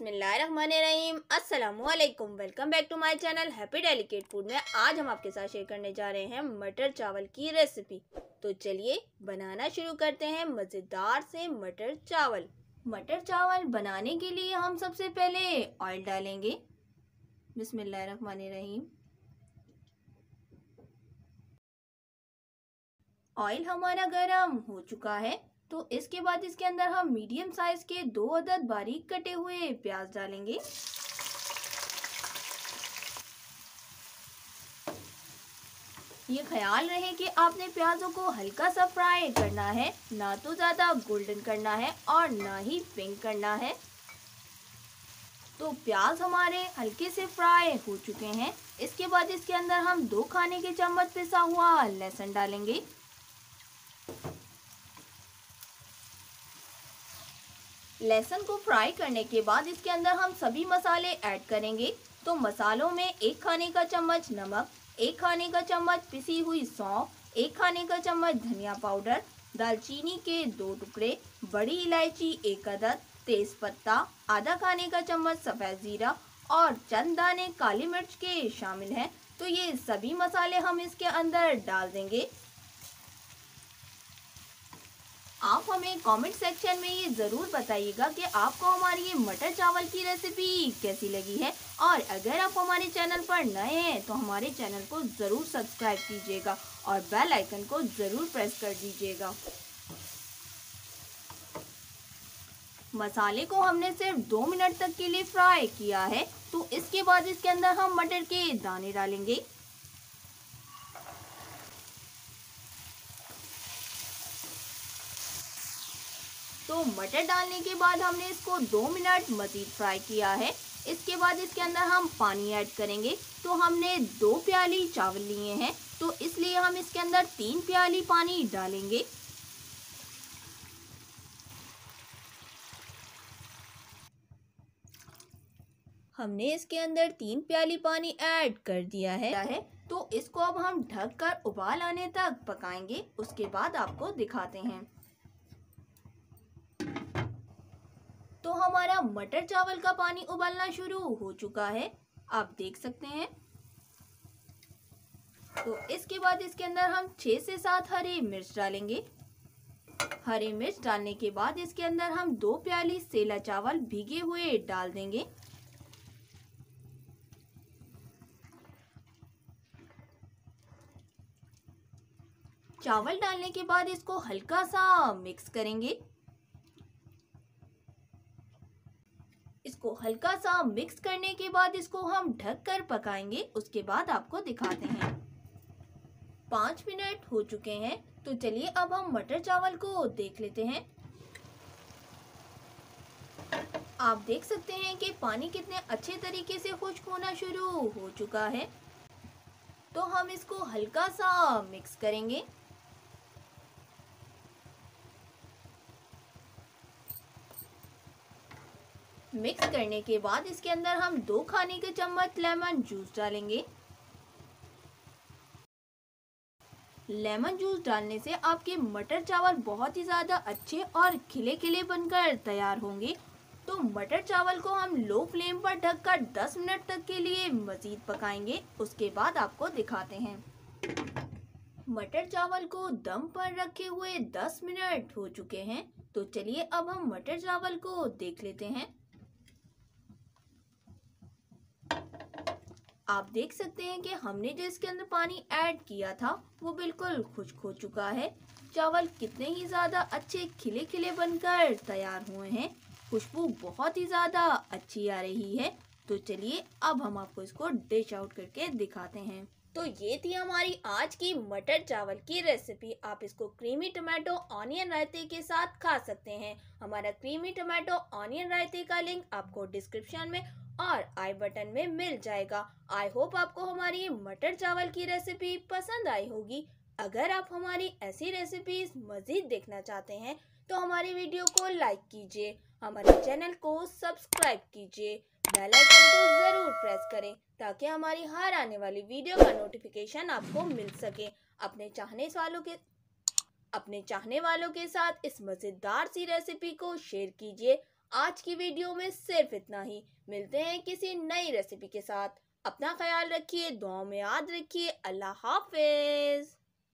बिसमीम असलकम welcome back to my channel happy delicate food में आज हम आपके साथ शेयर करने जा रहे हैं मटर चावल की रेसिपी तो चलिए बनाना शुरू करते हैं मज़ेदार से मटर चावल मटर चावल बनाने के लिए हम सबसे पहले ऑयल डालेंगे बिसमीम ऑयल हमारा गर्म हो चुका है तो इसके बाद इसके अंदर हम मीडियम साइज़ के दो अदद बारीक कटे हुए प्याज डालेंगे ये ख्याल रहे कि आपने प्याजों को हल्का सा फ्राई करना है ना तो ज़्यादा गोल्डन करना है और ना ही पिंक करना है तो प्याज हमारे हल्के से फ्राई हो चुके हैं इसके बाद इसके अंदर हम दो खाने के चम्मच पिसा हुआ लहसुन डालेंगे लहसुन को फ्राई करने के बाद इसके अंदर हम सभी मसाले ऐड करेंगे तो मसालों में एक खाने का चम्मच नमक एक खाने का चम्मच पिसी हुई सौंफ एक खाने का चम्मच धनिया पाउडर दालचीनी के दो टुकड़े बड़ी इलायची एक अदद तेज पत्ता आधा खाने का चम्मच सफ़ेद ज़ीरा और चंद दाने काली मिर्च के शामिल हैं तो ये सभी मसाले हम इसके अंदर डाल देंगे आप हमें कमेंट सेक्शन में ये ज़रूर बताइएगा कि आपको हमारी ये मटर चावल की रेसिपी कैसी लगी है और अगर आप हमारे चैनल पर नए हैं तो हमारे चैनल को ज़रूर सब्सक्राइब कीजिएगा और बेल आइकन को ज़रूर प्रेस कर दीजिएगा मसाले को हमने सिर्फ दो मिनट तक के लिए फ्राई किया है तो इसके बाद इसके अंदर हम मटर के दाने डालेंगे तो मटर डालने के बाद हमने इसको दो मिनट मज़ीद फ्राई किया है इसके बाद इसके अंदर हम पानी ऐड करेंगे तो हमने दो प्याली चावल लिए हैं तो इसलिए हम इसके अंदर तीन प्याली पानी डालेंगे हमने इसके अंदर तीन प्याली पानी ऐड कर दिया है, है तो इसको अब हम ढककर उबाल आने तक पकाएंगे उसके बाद आपको दिखाते हैं तो हमारा मटर चावल का पानी उबलना शुरू हो चुका है आप देख सकते हैं तो इसके बाद इसके अंदर हम छः से सात हरी मिर्च डालेंगे हरी मिर्च डालने के बाद इसके अंदर हम दो प्याली सेला चावल भीगे हुए डाल देंगे चावल डालने के बाद इसको हल्का सा मिक्स करेंगे इसको हल्का सा मिक्स करने के बाद इसको हम ढक कर पकाएंगे उसके बाद आपको दिखाते हैं पाँच मिनट हो चुके हैं तो चलिए अब हम मटर चावल को देख लेते हैं आप देख सकते हैं कि पानी कितने अच्छे तरीके से खुश्क होना शुरू हो चुका है तो हम इसको हल्का सा मिक्स करेंगे मिक्स करने के बाद इसके अंदर हम दो खाने के चम्मच लेमन जूस डालेंगे लेमन जूस डालने से आपके मटर चावल बहुत ही ज़्यादा अच्छे और खिले खिले बनकर तैयार होंगे तो मटर चावल को हम लो फ्लेम पर ढककर 10 मिनट तक के लिए मज़ीद पकाएंगे उसके बाद आपको दिखाते हैं मटर चावल को दम पर रखे हुए 10 मिनट हो चुके हैं तो चलिए अब हम मटर चावल को देख लेते हैं आप देख सकते हैं कि हमने जो इसके अंदर पानी ऐड किया था वो बिल्कुल खुश्क हो चुका है चावल कितने ही ज़्यादा अच्छे खिले खिले बनकर तैयार हुए हैं खुशबू बहुत ही ज़्यादा अच्छी आ रही है तो चलिए अब हम आपको इसको डिश आउट करके दिखाते हैं तो ये थी हमारी आज की मटर चावल की रेसिपी आप इसको क्रीमी टमाटो ऑनियन रायते के साथ खा सकते हैं हमारा क्रीमी टमाटो ऑनियन रायते का लिंक आपको डिस्क्रिप्शन में और आई बटन में मिल जाएगा आई होप आपको हमारी मटर चावल की रेसिपी पसंद आई होगी अगर आप हमारी ऐसी रेसिपीज मज़ीद देखना चाहते हैं तो हमारी वीडियो को लाइक कीजिए हमारे चैनल को सब्सक्राइब कीजिए बेल आइकन को ज़रूर प्रेस करें ताकि हमारी हर आने वाली वीडियो का नोटिफिकेशन आपको मिल सके अपने चाहने वालों के अपने चाहने वालों के साथ इस मज़ेदार सी रेसिपी को शेयर कीजिए आज की वीडियो में सिर्फ इतना ही मिलते हैं किसी नई रेसिपी के साथ अपना ख्याल रखिए दुआ में याद रखिए अल्लाह हाफिज़